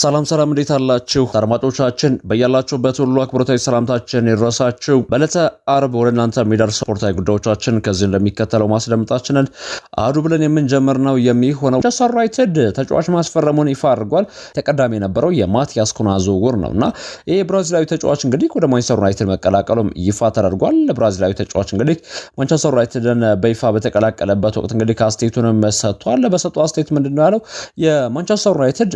ሰላም ሰላም፣ እንዴት አላችሁ አድማጮቻችን? በያላችሁበት ሁሉ አክብሮታዊ ሰላምታችን ይድረሳችሁ። በዕለተ አርብ ወደ እናንተ የሚደርስ ስፖርታዊ ጉዳዮቻችን ከዚህ እንደሚከተለው ማስደምጣችንን አዱ ብለን የምንጀምር ነው የሚሆነው። ማንቸስተር ዩናይትድ ተጫዋች ማስፈረሙን ይፋ አድርጓል። ተቀዳሚ የነበረው የማቲያስ ኩና ዝውውር ነው እና ይህ ብራዚላዊ ተጫዋች እንግዲህ ወደ ማንቸስተር ዩናይትድ መቀላቀሉም ይፋ ተደርጓል። ብራዚላዊ ተጫዋች እንግዲህ ማንቸስተር ዩናይትድን በይፋ በተቀላቀለበት ወቅት እንግዲህ አስቴቱንም ሰጥቷል። በሰጡ አስቴት ምንድን ነው ያለው? የማንቸስተር ዩናይትድ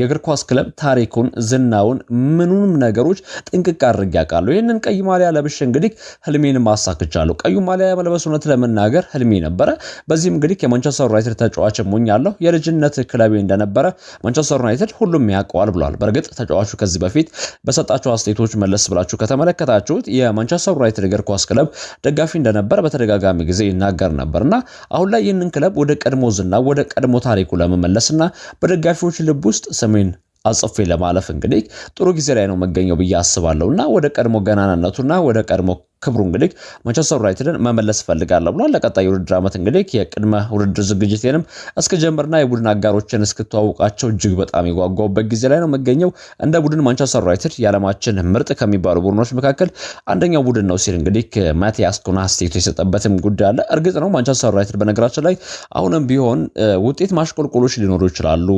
የእግር ኳስ ኳስ ክለብ ታሪኩን፣ ዝናውን፣ ምኑንም ነገሮች ጥንቅቅ አድርጌ ያውቃሉ ይህንን ቀይ ማሊያ ለብሼ እንግዲህ ህልሜን ማሳክቻለሁ። ቀዩ ማሊያ የመልበስ እውነት ለመናገር ህልሜ ነበረ። በዚህም እንግዲህ የማንቸስተር ዩናይትድ ተጫዋች ሆኛለሁ። የልጅነት ክለቤ እንደነበረ ማንቸስተር ዩናይትድ ሁሉም ያውቀዋል ብሏል። በእርግጥ ተጫዋቹ ከዚህ በፊት በሰጣቸው አስተያየቶች መለስ ብላችሁ ከተመለከታችሁት የማንቸስተር ዩናይትድ እግር ኳስ ክለብ ደጋፊ እንደነበረ በተደጋጋሚ ጊዜ ይናገር ነበር እና አሁን ላይ ይህንን ክለብ ወደ ቀድሞ ዝና ወደ ቀድሞ ታሪኩ ለመመለስና በደጋፊዎች ልብ ውስጥ ሰሜን አጽፌ ለማለፍ እንግዲህ ጥሩ ጊዜ ላይ ነው መገኘው ብዬ አስባለሁ እና ወደ ቀድሞ ገናናነቱና ወደ ቀድሞ ክብሩ እንግዲህ ማንቸስተር ዩናይትድን መመለስ እፈልጋለሁ ብሏል። ለቀጣይ የውድድር ዓመት እንግዲህ የቅድመ ውድድር ዝግጅቴንም እስክጀምርና የቡድን አጋሮችን እስክተዋውቃቸው እጅግ በጣም የጓጓውበት ጊዜ ላይ ነው የምገኘው። እንደ ቡድን ማንቸስተር ዩናይትድ የዓለማችን ምርጥ ከሚባሉ ቡድኖች መካከል አንደኛው ቡድን ነው ሲል እንግዲህ ማቲያስ ኩና አስተያየቱን የሰጠበትም ጉዳይ አለ። እርግጥ ነው ማንቸስተር ዩናይትድ በነገራችን ላይ አሁንም ቢሆን ውጤት ማሽቆልቆሎች ሊኖሩ ይችላሉ።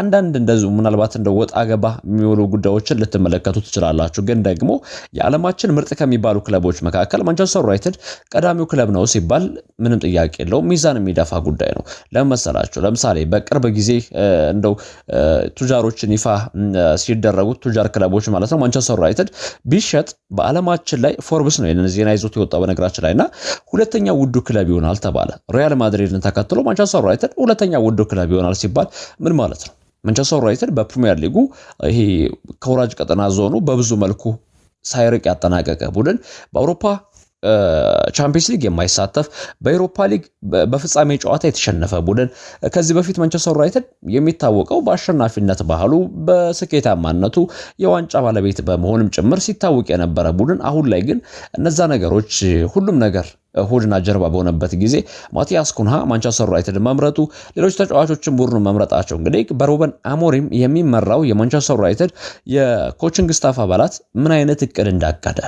አንዳንድ እንደዚሁ ምናልባት እንደ ወጣ ገባ የሚውሉ ጉዳዮችን ልትመለከቱ ትችላላችሁ። ግን ደግሞ የዓለማችን ምርጥ ከሚባሉ ክለ ክለቦች መካከል ማንቸስተር ዩናይትድ ቀዳሚው ክለብ ነው ሲባል ምንም ጥያቄ የለው ሚዛን የሚደፋ ጉዳይ ነው። ለምን ለምሳሌ በቅርብ ጊዜ እንደው ቱጃሮችን ይፋ ሲደረጉት ቱጃር ክለቦች ማለት ነው ማንቸስተር ዩናይትድ ቢሸጥ በዓለማችን ላይ ፎርብስ ነው ይህንን ዜና ይዞት የወጣ በነገራችን ላይ እና ሁለተኛ ውዱ ክለብ ይሆናል ተባለ። ሪያል ማድሪድን ተከትሎ ማንቸስተር ዩናይትድ ሁለተኛ ውዱ ክለብ ይሆናል ሲባል ምን ማለት ነው? ማንቸስተር ዩናይትድ በፕሪሚየር ሊጉ ይሄ ከወራጅ ቀጠና ዞኑ በብዙ መልኩ ሳይርቅ ያጠናቀቀ ቡድን በአውሮፓ ቻምፒየንስ ሊግ የማይሳተፍ በኤሮፓ ሊግ በፍጻሜ ጨዋታ የተሸነፈ ቡድን ከዚህ በፊት ማንቸስተር ዩናይትድ የሚታወቀው በአሸናፊነት ባህሉ በስኬታማነቱ የዋንጫ ባለቤት በመሆንም ጭምር ሲታወቅ የነበረ ቡድን አሁን ላይ ግን እነዛ ነገሮች ሁሉም ነገር ሆድና ጀርባ በሆነበት ጊዜ ማቲያስ ኩንሃ ማንቸስተር ዩናይትድ መምረጡ፣ ሌሎች ተጫዋቾችን ቡድኑ መምረጣቸው እንግዲህ በሩበን አሞሪም የሚመራው የማንቸስተር ዩናይትድ የኮችንግ ስታፍ አባላት ምን አይነት እቅድ እንዳቀደ፣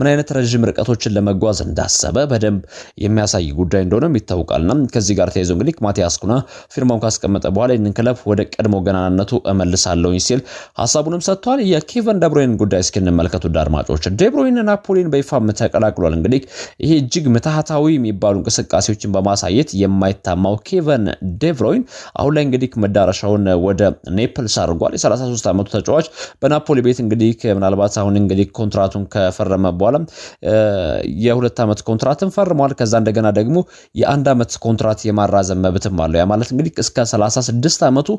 ምን አይነት ረዥም ርቀቶችን ለመጓዝ እንዳሰበ በደንብ የሚያሳይ ጉዳይ እንደሆነም ይታወቃልና ከዚህ ጋር ተያይዞ እንግዲህ ማቲያስ ኩንሃ ፊርማውን ካስቀመጠ በኋላ ይህንን ክለብ ወደ ቀድሞ ገናናነቱ እመልሳለሁኝ ሲል ሀሳቡንም ሰጥቷል። የኬቨን ደብሮይን ጉዳይ እስኪንመልከቱ አድማጮች ደብሮይን ናፖሊን በይፋም ተቀላቅሏል። እንግዲህ ይሄ እጅግ ምታ ብልሃታዊ የሚባሉ እንቅስቃሴዎችን በማሳየት የማይታማው ኬቨን ዴቭሮይን አሁን ላይ እንግዲህ መዳረሻውን ወደ ኔፕልስ አድርጓል። የ33 ዓመቱ ተጫዋች በናፖሊ ቤት እንግዲህ ምናልባት አሁን እንግዲህ ኮንትራቱን ከፈረመ በኋላ የሁለት ዓመት ኮንትራትን ፈርመዋል። ከዛ እንደገና ደግሞ የአንድ ዓመት ኮንትራት የማራዘም መብትም አለው። ያ ማለት እንግዲህ እስከ 36 ዓመቱ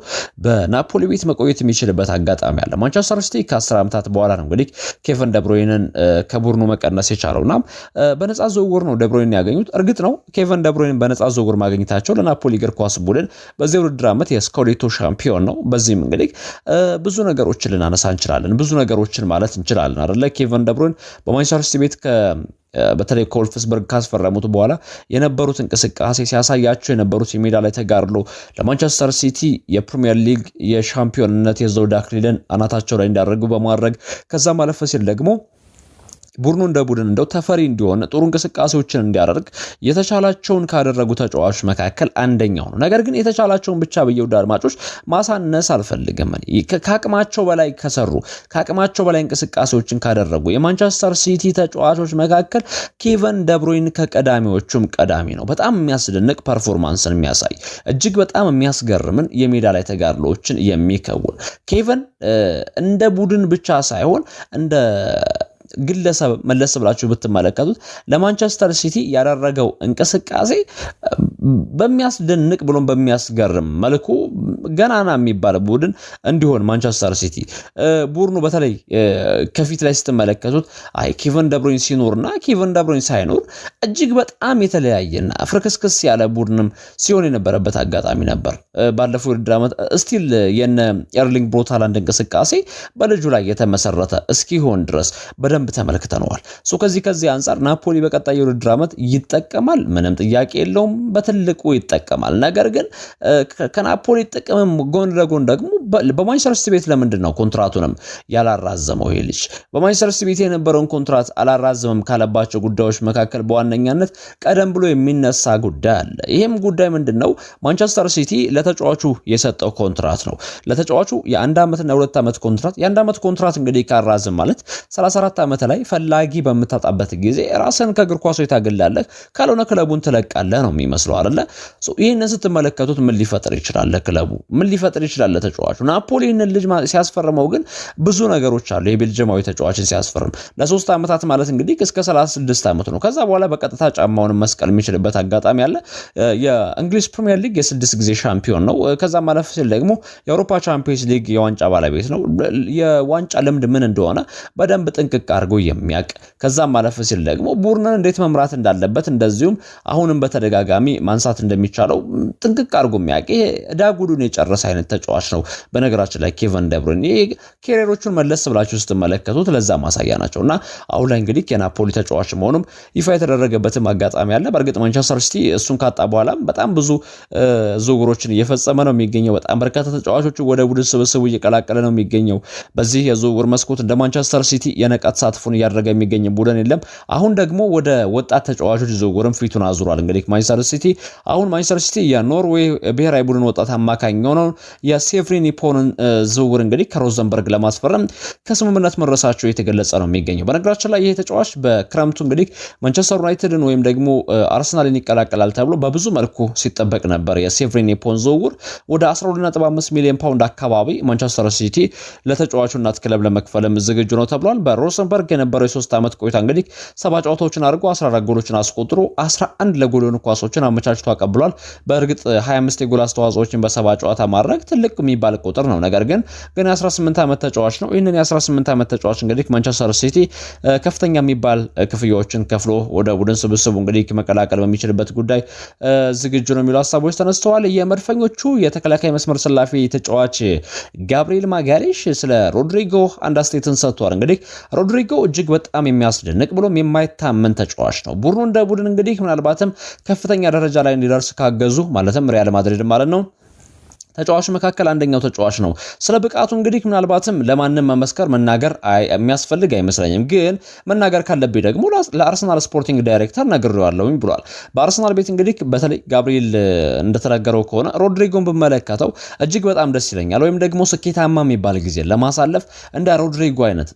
በናፖሊ ቤት መቆየት የሚችልበት አጋጣሚ አለ። ማንቸስተር ሲቲ ከ10 ዓመታት በኋላ ነው እንግዲህ ኬቨን ደብሮይንን ከቡድኑ መቀነስ የቻለው እና በነፃ ዝውውር ነው ደብሮይን ቡድንን ያገኙት። እርግጥ ነው ኬቨን ደብሮይን በነፃ ዝውውር ማግኘታቸው ለናፖሊ እግር ኳስ ቡድን በዚህ ውድድር ዓመት የስኮሌቶ ሻምፒዮን ነው። በዚህም እንግዲህ ብዙ ነገሮችን ልናነሳ እንችላለን፣ ብዙ ነገሮችን ማለት እንችላለን አደለ ኬቨን ደብሮይን በማንቸስተር ሲቲ ቤት በተለይ ኮልፍስበርግ ካስፈረሙት በኋላ የነበሩት እንቅስቃሴ ሲያሳያቸው የነበሩት የሜዳ ላይ ተጋድሎ ለማንቸስተር ሲቲ የፕሪሚየር ሊግ የሻምፒዮንነት የዘውድ አክሊልን አናታቸው ላይ እንዳደረጉ በማድረግ ከዛም አለፈ ሲል ደግሞ ቡድኑ እንደ ቡድን እንደው ተፈሪ እንዲሆን ጥሩ እንቅስቃሴዎችን እንዲያደርግ የተቻላቸውን ካደረጉ ተጫዋቾች መካከል አንደኛው ነው። ነገር ግን የተቻላቸውን ብቻ ብዬ አድማጮች ማሳነስ አልፈልግም። ከአቅማቸው በላይ ከሰሩ፣ ከአቅማቸው በላይ እንቅስቃሴዎችን ካደረጉ የማንቸስተር ሲቲ ተጫዋቾች መካከል ኬቨን ደብሮይን ከቀዳሚዎቹም ቀዳሚ ነው። በጣም የሚያስደንቅ ፐርፎርማንስን የሚያሳይ እጅግ በጣም የሚያስገርምን የሜዳ ላይ ተጋድሎዎችን የሚከውን ኬቨን እንደ ቡድን ብቻ ሳይሆን እንደ ግለሰብ መለስ ብላችሁ ብትመለከቱት ለማንቸስተር ሲቲ ያደረገው እንቅስቃሴ በሚያስደንቅ ብሎም በሚያስገርም መልኩ ገናና የሚባል ቡድን እንዲሆን ማንቸስተር ሲቲ ቡድኑ በተለይ ከፊት ላይ ስትመለከቱት አይ ኬቨን ሲኖር ሲኖርና ኬቨን ደብሮኝ ሳይኖር እጅግ በጣም የተለያየና ፍርክስክስ ያለ ቡድንም ሲሆን የነበረበት አጋጣሚ ነበር። ባለፈው ውድድር ዓመት ስቲል የነ ኤርሊንግ ብሮታላንድ እንቅስቃሴ በልጁ ላይ የተመሰረተ እስኪሆን ድረስ በደ በደንብ ተመልክተነዋል። ሶ ከዚህ ከዚህ አንጻር ናፖሊ በቀጣይ የውድድር ዓመት ይጠቀማል፣ ምንም ጥያቄ የለውም፣ በትልቁ ይጠቀማል። ነገር ግን ከናፖሊ ጥቅምም ጎን ለጎን ደግሞ በማንቸስተር ሲቲ ቤት ለምንድን ነው ኮንትራቱንም ያላራዘመው? ይሄ ልጅ በማንቸስተር ሲቲ ቤት የነበረውን ኮንትራት አላራዘመም ካለባቸው ጉዳዮች መካከል በዋነኛነት ቀደም ብሎ የሚነሳ ጉዳይ አለ። ይህም ጉዳይ ምንድን ነው? ማንቸስተር ሲቲ ለተጫዋቹ የሰጠው ኮንትራት ነው። ለተጫዋቹ የአንድ ዓመትና የሁለት ዓመት ኮንትራት የአንድ ዓመት ኮንትራት እንግዲህ ካራዝም ማለት 34 ዓመት ላይ ፈላጊ በምታጣበት ጊዜ ራስን ከእግር ኳሶ ታገላለህ፣ ካልሆነ ክለቡን ትለቃለህ ነው የሚመስለው አይደለ? ይህንን ስትመለከቱት ምን ሊፈጥር ይችላል? ለክለቡ ምን ሊፈጥር ይችላል? ለተጫዋቹ አለባቸው። ናፖሊ ይህንን ልጅ ሲያስፈርመው ግን ብዙ ነገሮች አሉ። የቤልጅማዊ ተጫዋችን ሲያስፈርም ለሶስት ዓመታት ማለት እንግዲህ እስከ 36 ዓመት ነው። ከዛ በኋላ በቀጥታ ጫማውን መስቀል የሚችልበት አጋጣሚ አለ። የእንግሊዝ ፕሪሚየር ሊግ የስድስት ጊዜ ሻምፒዮን ነው። ከዛ ማለፍ ሲል ደግሞ የአውሮፓ ቻምፒየንስ ሊግ የዋንጫ ባለቤት ነው። የዋንጫ ልምድ ምን እንደሆነ በደንብ ጥንቅቅ አድርጎ የሚያውቅ ከዛም ማለፍ ሲል ደግሞ ቡድንን እንዴት መምራት እንዳለበት እንደዚሁም አሁንም በተደጋጋሚ ማንሳት እንደሚቻለው ጥንቅቅ አድርጎ የሚያውቅ ይሄ እዳ ጉዱን የጨረሰ አይነት ተጫዋች ነው። በነገራችን ላይ ኬቨን ደብሩይኔ ኬሪሮቹን መለስ ብላችሁ ስትመለከቱት ለዛ ማሳያ ናቸው እና አሁን ላይ እንግዲህ የናፖሊ ተጫዋች መሆኑም ይፋ የተደረገበትም አጋጣሚ አለ። በእርግጥ ማንቸስተር ሲቲ እሱን ካጣ በኋላም በጣም ብዙ ዝውውሮችን እየፈጸመ ነው የሚገኘው። በጣም በርካታ ተጫዋቾቹ ወደ ቡድን ስብስቡ እየቀላቀለ ነው የሚገኘው። በዚህ የዝውውር መስኮት እንደ ማንቸስተር ሲቲ የነቀት ሳትፉን እያደረገ የሚገኝ ቡድን የለም። አሁን ደግሞ ወደ ወጣት ተጫዋቾች ዝውውርም ፊቱን አዙሯል። እንግዲህ ማንቸስተር ሲቲ አሁን ማንቸስተር ሲቲ የኖርዌይ ብሔራዊ ቡድን ወጣት አማካኝ የሆነውን የሴፍሪኒ የፖንን ዝውውር እንግዲህ ከሮዘንበርግ ለማስፈረም ከስምምነት መድረሳቸው የተገለጸ ነው የሚገኘው። በነገራችን ላይ ይህ ተጫዋች በክረምቱ እንግዲህ ማንቸስተር ዩናይትድን ወይም ደግሞ አርሰናልን ይቀላቀላል ተብሎ በብዙ መልኩ ሲጠበቅ ነበር። የሴቨሪን የፖን ዝውውር ወደ 12.5 ሚሊዮን ፓውንድ አካባቢ ማንቸስተር ሲቲ ለተጫዋቹ እናት ክለብ ለመክፈልም ዝግጁ ነው ተብሏል። በሮዘንበርግ የነበረው የሶስት ዓመት ቆይታ እንግዲህ ሰባ ጨዋታዎችን አድርጎ 14 ጎሎችን አስቆጥሮ 11 ለጎል የሆኑ ኳሶችን አመቻችቶ አቀብሏል። በእርግጥ 25 የጎል አስተዋጽኦችን በሰባ ጨዋታ ማድረግ ትልቅ የሚባል ቁጥር ነው። ነገር ግን ግን 18 ዓመት ተጫዋች ነው። ይህንን የ18 ዓመት ተጫዋች እንግዲህ ማንቸስተር ሲቲ ከፍተኛ የሚባል ክፍያዎችን ከፍሎ ወደ ቡድን ስብስቡ እንግዲህ መቀላቀል በሚችልበት ጉዳይ ዝግጁ ነው የሚሉ ሀሳቦች ተነስተዋል። የመድፈኞቹ የተከላካይ መስመር ሰላፊ ተጫዋች ጋብሪኤል ማጋሪሽ ስለ ሮድሪጎ አንድ አስተያየትን ሰጥቷል። እንግዲህ ሮድሪጎ እጅግ በጣም የሚያስደንቅ ብሎም የማይታመን ተጫዋች ነው። ቡድኑ እንደ ቡድን እንግዲህ ምናልባትም ከፍተኛ ደረጃ ላይ እንዲደርስ ካገዙ ማለትም ሪያል ማድሪድ ማለት ነው ተጫዋች መካከል አንደኛው ተጫዋች ነው። ስለ ብቃቱ እንግዲህ ምናልባትም ለማንም መመስከር መናገር የሚያስፈልግ አይመስለኝም። ግን መናገር ካለብኝ ደግሞ ለአርሰናል ስፖርቲንግ ዳይሬክተር ነግሬዋለሁኝ ብሏል። በአርሰናል ቤት እንግዲህ በተለይ ጋብሪኤል እንደተናገረው ከሆነ ሮድሪጎን ብመለከተው እጅግ በጣም ደስ ይለኛል። ወይም ደግሞ ስኬታማ የሚባል ጊዜ ለማሳለፍ እንደ ሮድሪጎ አይነት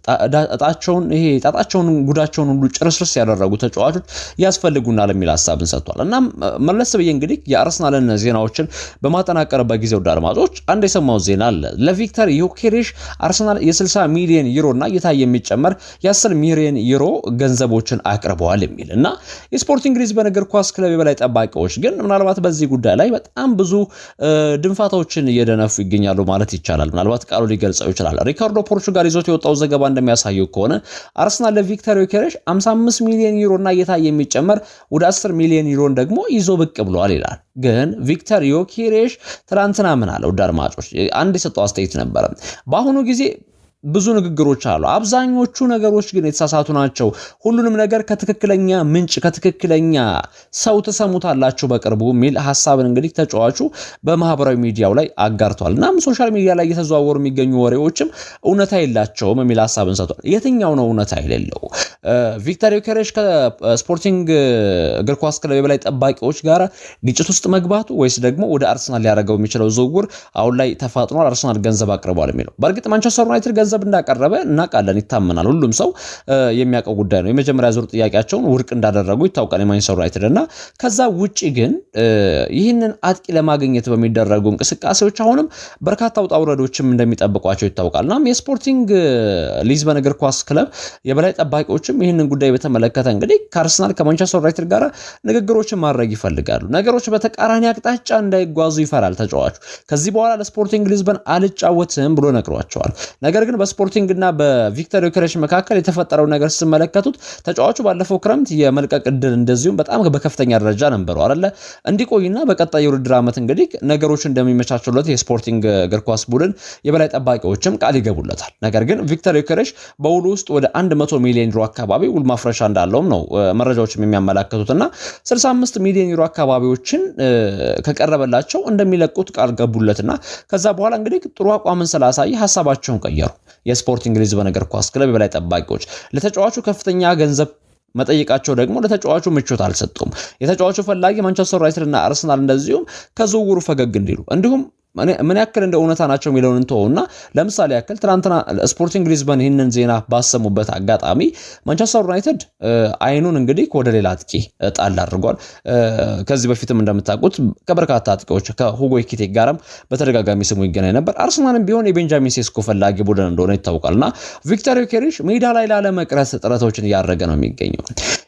ጣጣቸውን ይሄ ጣጣቸውን ጉዳቸውን ሁሉ ጭርስርስ ያደረጉ ተጫዋቾች ያስፈልጉናል የሚል ሀሳብን ሰጥቷል። እናም መለስ ብዬ እንግዲህ የአርሰናልን ዜናዎችን በማጠናቀርበት ጊዜ አድማጮች አንድ የሰማው ዜና አለ። ለቪክተር ዮኬሬሽ አርሰናል የ60 ሚሊዮን ዩሮ እና እየታየ የሚጨመር የ10 ሚሊዮን ዩሮ ገንዘቦችን አቅርበዋል የሚል እና የስፖርቲንግ ሊዝበን እግር ኳስ ክለብ የበላይ ጠባቂዎች ግን ምናልባት በዚህ ጉዳይ ላይ በጣም ብዙ ድንፋታዎችን እየደነፉ ይገኛሉ ማለት ይቻላል። ምናልባት ቃሉ ሊገልጸው ይችላል። ሪካርዶ ፖርቹጋል ይዞት የወጣው ዘገባ እንደሚያሳየው ከሆነ አርሰናል ለቪክተር ዮኬሬሽ 55 ሚሊዮን ዩሮ እና እየታየ የሚጨመር ወደ 10 ሚሊዮን ዩሮን ደግሞ ይዞ ብቅ ብሏል ይላል። ግን ቪክተር ዮኬሬሽ ትናንትና ምን አለ? ውድ አድማጮች አንድ የሰጠው አስተያየት ነበረ። በአሁኑ ጊዜ ብዙ ንግግሮች አሉ። አብዛኞቹ ነገሮች ግን የተሳሳቱ ናቸው። ሁሉንም ነገር ከትክክለኛ ምንጭ ከትክክለኛ ሰው ትሰሙታላችሁ በቅርቡ የሚል ሀሳብን እንግዲህ ተጫዋቹ በማህበራዊ ሚዲያው ላይ አጋርቷል። እናም ሶሻል ሚዲያ ላይ እየተዘዋወሩ የሚገኙ ወሬዎችም እውነታ የላቸውም የሚል ሀሳብን ሰጥቷል። የትኛው ነው እውነታ የሌለው? ቪክተር ዮኬሬሽ ከስፖርቲንግ እግር ኳስ ክለብ የበላይ ጠባቂዎች ጋር ግጭት ውስጥ መግባቱ ወይስ ደግሞ ወደ አርሰናል ሊያደርገው የሚችለው ዝውውር አሁን ላይ ተፋጥኗል፣ አርሰናል ገንዘብ አቅርቧል የሚለው በእርግጥ ማንቸስተር ዩናይትድ ገንዘብ እንዳቀረበ እናውቃለን፣ ይታመናል። ሁሉም ሰው የሚያውቀው ጉዳይ ነው። የመጀመሪያ ዙር ጥያቄያቸውን ውድቅ እንዳደረጉ ይታወቃል የማንቸስተር ዩናይትድ እና ከዛ ውጭ ግን ይህንን አጥቂ ለማግኘት በሚደረጉ እንቅስቃሴዎች አሁንም በርካታ ውጣ ውረዶችም እንደሚጠብቋቸው ይታወቃል። እናም የስፖርቲንግ ሊዝበን እግር ኳስ ክለብ የበላይ ጠባቂዎችም ይህንን ጉዳይ በተመለከተ እንግዲህ ከአርሰናል ከማንቸስተር ዩናይትድ ጋር ንግግሮችን ማድረግ ይፈልጋሉ። ነገሮች በተቃራኒ አቅጣጫ እንዳይጓዙ ይፈራል ተጫዋቹ። ከዚህ በኋላ ለስፖርቲንግ ሊዝበን አልጫወትም ብሎ ነግሯቸዋል። ነገር ግን በስፖርቲንግና በቪክተር ዮኬሬሽ መካከል የተፈጠረው ነገር ስመለከቱት ተጫዋቹ ባለፈው ክረምት የመልቀቅ እድል እንደዚሁም በጣም በከፍተኛ ደረጃ ነበሩ አለ እንዲቆይና በቀጣይ የውድድር ዓመት እንግዲህ ነገሮች እንደሚመቻቸለት የስፖርቲንግ እግር ኳስ ቡድን የበላይ ጠባቂዎችም ቃል ይገቡለታል። ነገር ግን ቪክተር ዮኬሬሽ በውሉ ውስጥ ወደ 100 ሚሊዮን ዩሮ አካባቢ ውል ማፍረሻ እንዳለውም ነው መረጃዎችም የሚያመላክቱትና 65 ሚሊዮን ዩሮ አካባቢዎችን ከቀረበላቸው እንደሚለቁት ቃል ገቡለትና ከዛ በኋላ እንግዲህ ጥሩ አቋምን ስላሳየ ሀሳባቸውን ቀየሩ። የስፖርቲንግ ሊዝበን እግር ኳስ ክለብ የበላይ ጠባቂዎች ለተጫዋቹ ከፍተኛ ገንዘብ መጠየቃቸው ደግሞ ለተጫዋቹ ምቾት አልሰጡም። የተጫዋቹ ፈላጊ ማንቸስተር ዩናይትድ እና አርሰናል እንደዚሁም ከዝውውሩ ፈገግ እንዲሉ እንዲሁም ምን ያክል እንደ እውነታ ናቸው የሚለውን እንትሆና ለምሳሌ ያክል ትናንትና ስፖርቲንግ ሊዝበን ይህንን ዜና ባሰሙበት አጋጣሚ ማንቸስተር ዩናይትድ አይኑን እንግዲህ ወደ ሌላ አጥቂ ጣል አድርጓል። ከዚህ በፊትም እንደምታውቁት ከበርካታ አጥቂዎች ከሁጎ ኢኪቴ ጋርም በተደጋጋሚ ስሙ ይገናኝ ነበር። አርሰናልም ቢሆን የቤንጃሚን ሴስኮ ፈላጊ ቡድን እንደሆነ ይታወቃል እና ቪክተር ዮኬሪሽ ሜዳ ላይ ላለመቅረት ጥረቶችን እያደረገ ነው የሚገኘው።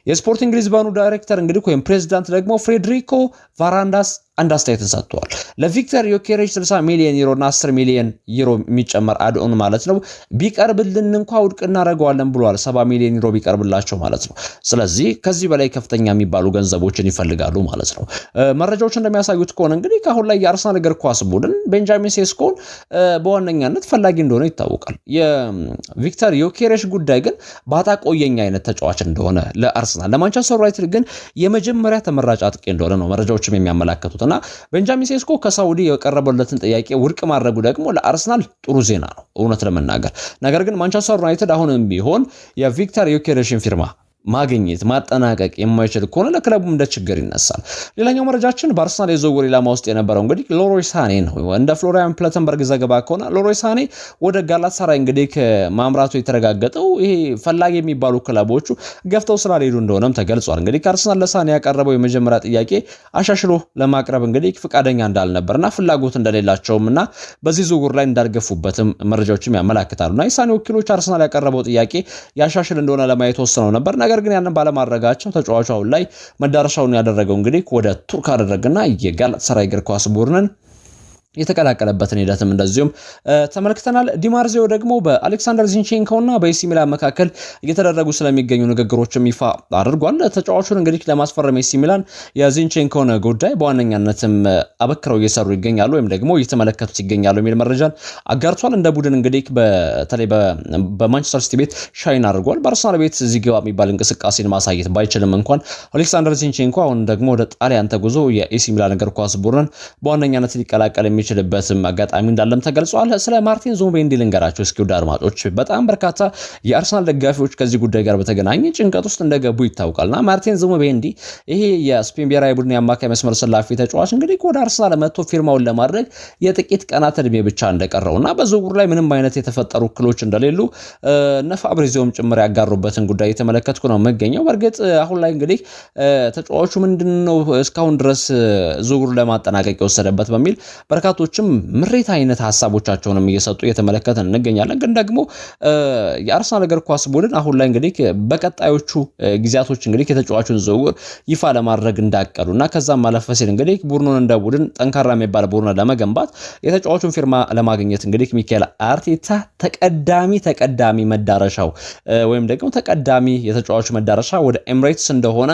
የስፖርቲንግ ሊዝባኑ ዳይሬክተር እንግዲህ ወይም ፕሬዚዳንት ደግሞ ፍሬድሪኮ ቫራንዳስ አንድ አስተያየትን ሰጥተዋል። ለቪክተር ዮኬሬጅ 60 ሚሊዮን ዩሮ እና 10 ሚሊዮን ዩሮ የሚጨመር አድኦን ማለት ነው ቢቀርብልን እንኳ ውድቅ እናደርገዋለን ብሏል። 70 ሚሊዮን ዩሮ ቢቀርብላቸው ማለት ነው። ስለዚህ ከዚህ በላይ ከፍተኛ የሚባሉ ገንዘቦችን ይፈልጋሉ ማለት ነው። መረጃዎች እንደሚያሳዩት ከሆነ እንግዲህ ከአሁን ላይ የአርሰናል እግር ኳስ ቡድን ቤንጃሚን ሴስኮን በዋነኛነት ፈላጊ እንደሆነ ይታወቃል። የቪክተር ዮኬሬሽ ጉዳይ ግን ባጣ ቆየኝ አይነት ተጫዋች እንደሆነ ለአርሰናል አርሰናል። ለማንቸስተር ዩናይትድ ግን የመጀመሪያ ተመራጭ አጥቂ እንደሆነ ነው መረጃዎችም የሚያመላክቱት እና ቤንጃሚን ሴስኮ ከሳውዲ የቀረበለትን ጥያቄ ውድቅ ማድረጉ ደግሞ ለአርሰናል ጥሩ ዜና ነው እውነት ለመናገር ነገር ግን ማንቸስተር ዩናይትድ አሁንም ቢሆን የቪክተር ዮኬሬሽን ፊርማ ማግኘት ማጠናቀቅ የማይችል ከሆነ ለክለቡ እንደ ችግር ይነሳል። ሌላኛው መረጃችን በአርሰናል የዝውውር ኢላማ ውስጥ የነበረው እንግዲህ ሌሮይ ሳኔ ነው። እንደ ፍሎሪያን ፕለተንበርግ ዘገባ ከሆነ ሌሮይ ሳኔ ወደ ጋላታሳራይ እንግዲህ ከማምራቱ የተረጋገጠው ይሄ ፈላጊ የሚባሉ ክለቦቹ ገፍተው ስላልሄዱ እንደሆነም ተገልጿል። እንግዲህ ከአርሰናል ለሳኔ ያቀረበው የመጀመሪያ ጥያቄ አሻሽሎ ለማቅረብ እንግዲህ ፈቃደኛ እንዳልነበርና ፍላጎት እንደሌላቸውም እና በዚህ ዝውውር ላይ እንዳልገፉበትም መረጃዎችም ያመላክታሉ። እና የሳኔ ወኪሎች አርሰናል ያቀረበው ጥያቄ ያሻሽል እንደሆነ ለማየት ወስነው ነበር ነገር ግን ያንን ባለማድረጋቸው ተጫዋቹ አሁን ላይ መዳረሻውን ያደረገው እንግዲህ ወደ ቱርክ አደረገና የጋላታሳራይ እግር ኳስ ቡድንን የተቀላቀለበትን ሂደትም እንደዚሁም ተመልክተናል። ዲማርዚዮ ደግሞ በአሌክሳንደር ዚንቼንኮ እና በኤሲ ሚላን መካከል እየተደረጉ ስለሚገኙ ንግግሮችም ይፋ አድርጓል። ተጫዋቹን እንግዲህ ለማስፈረም ኤሲ ሚላን የዚንቼንኮን ጉዳይ በዋነኛነትም አበክረው እየሰሩ ይገኛሉ ወይም ደግሞ እየተመለከቱት ይገኛሉ የሚል መረጃን አጋርቷል። እንደ ቡድን እንግዲህ በተለይ በማንቸስተር ሲቲ ቤት ሻይን አድርጓል። በአርሰናል ቤት እዚህ ግባ የሚባል እንቅስቃሴን ማሳየት ባይችልም እንኳን አሌክሳንደር ዚንቼንኮ አሁን ደግሞ ወደ ጣሊያን ተጉዞ የኤሲ ሚላን እግር ኳስ ቡድንን በዋነኛነት ሊቀላቀል የሚ የሚችልበትም አጋጣሚ እንዳለም ተገልጿል። ስለ ማርቲን ዙቢሜንዲ ልንገራቸው እስኪ ውድ አድማጮች። በጣም በርካታ የአርሰናል ደጋፊዎች ከዚህ ጉዳይ ጋር በተገናኘ ጭንቀት ውስጥ እንደገቡ ይታወቃልና ማርቲን ዙቢሜንዲ ይሄ የስፔን ብሔራዊ ቡድን የአማካይ መስመር ሰላፊ ተጫዋች እንግዲህ ወደ አርሰናል መጥቶ ፊርማውን ለማድረግ የጥቂት ቀናት እድሜ ብቻ እንደቀረው እና በዝውውሩ ላይ ምንም አይነት የተፈጠሩ እክሎች እንደሌሉ እነ ፋብሪዚዮም ጭምር ያጋሩበትን ጉዳይ የተመለከትኩ ነው የምገኘው። በእርግጥ አሁን ላይ እንግዲህ ተጫዋቹ ምንድን ነው እስካሁን ድረስ ዝውውሩን ለማጠናቀቅ የወሰደበት በሚል በርካታ በርካቶችም ምሬት አይነት ሀሳቦቻቸውንም እየሰጡ እየተመለከትን እንገኛለን። ግን ደግሞ የአርሰናል እግር ኳስ ቡድን አሁን ላይ እንግዲህ በቀጣዮቹ ጊዜያቶች እንግዲህ የተጫዋቹን ዝውውር ይፋ ለማድረግ እንዳቀዱ እና ከዛም ማለፍ ሲል እንግዲህ ቡድኑን እንደ ቡድን ጠንካራ የሚባል ቡድን ለመገንባት የተጫዋቹን ፊርማ ለማግኘት እንግዲህ ሚካኤል አርቴታ ተቀዳሚ ተቀዳሚ መዳረሻው ወይም ደግሞ ተቀዳሚ የተጫዋቹ መዳረሻ ወደ ኤምሬትስ እንደሆነ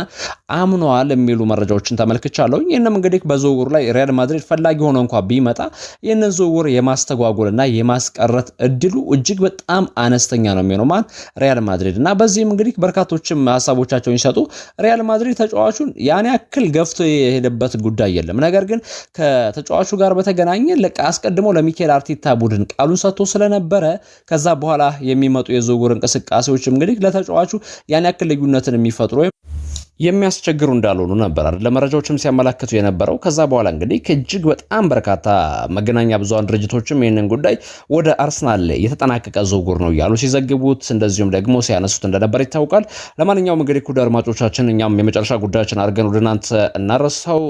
አምነዋል የሚሉ መረጃዎችን ተመልክቻለሁ። ይህንም እንግዲህ በዝውውሩ ላይ ሪያል ማድሪድ ፈላጊ ሆነ እንኳ ቢመ ሲመጣ ይህንን ዝውውር የማስተጓጎልና የማስቀረት እድሉ እጅግ በጣም አነስተኛ ነው የሚሆነው ማን ሪያል ማድሪድ እና በዚህም እንግዲህ በርካቶችም ሀሳቦቻቸውን ይሰጡ። ሪያል ማድሪድ ተጫዋቹን ያን ያክል ገፍቶ የሄደበት ጉዳይ የለም። ነገር ግን ከተጫዋቹ ጋር በተገናኘ አስቀድሞ ለሚካኤል አርቴታ ቡድን ቃሉን ሰጥቶ ስለነበረ ከዛ በኋላ የሚመጡ የዝውውር እንቅስቃሴዎች እንግዲህ ለተጫዋቹ ያን ያክል ልዩነትን የሚፈጥሩ ወይም የሚያስቸግሩ እንዳልሆኑ ነበር አይደል ለመረጃዎችም ሲያመላክቱ የነበረው። ከዛ በኋላ እንግዲህ ከእጅግ በጣም በርካታ መገናኛ ብዙሃን ድርጅቶችም ይህንን ጉዳይ ወደ አርሰናል የተጠናቀቀ ዝውውር ነው እያሉ ሲዘግቡት፣ እንደዚሁም ደግሞ ሲያነሱት እንደነበር ይታወቃል። ለማንኛውም እንግዲህ ኩድ አድማጮቻችን እኛም የመጨረሻ ጉዳያችን አድርገን ወደ እናንተ እናረሳው።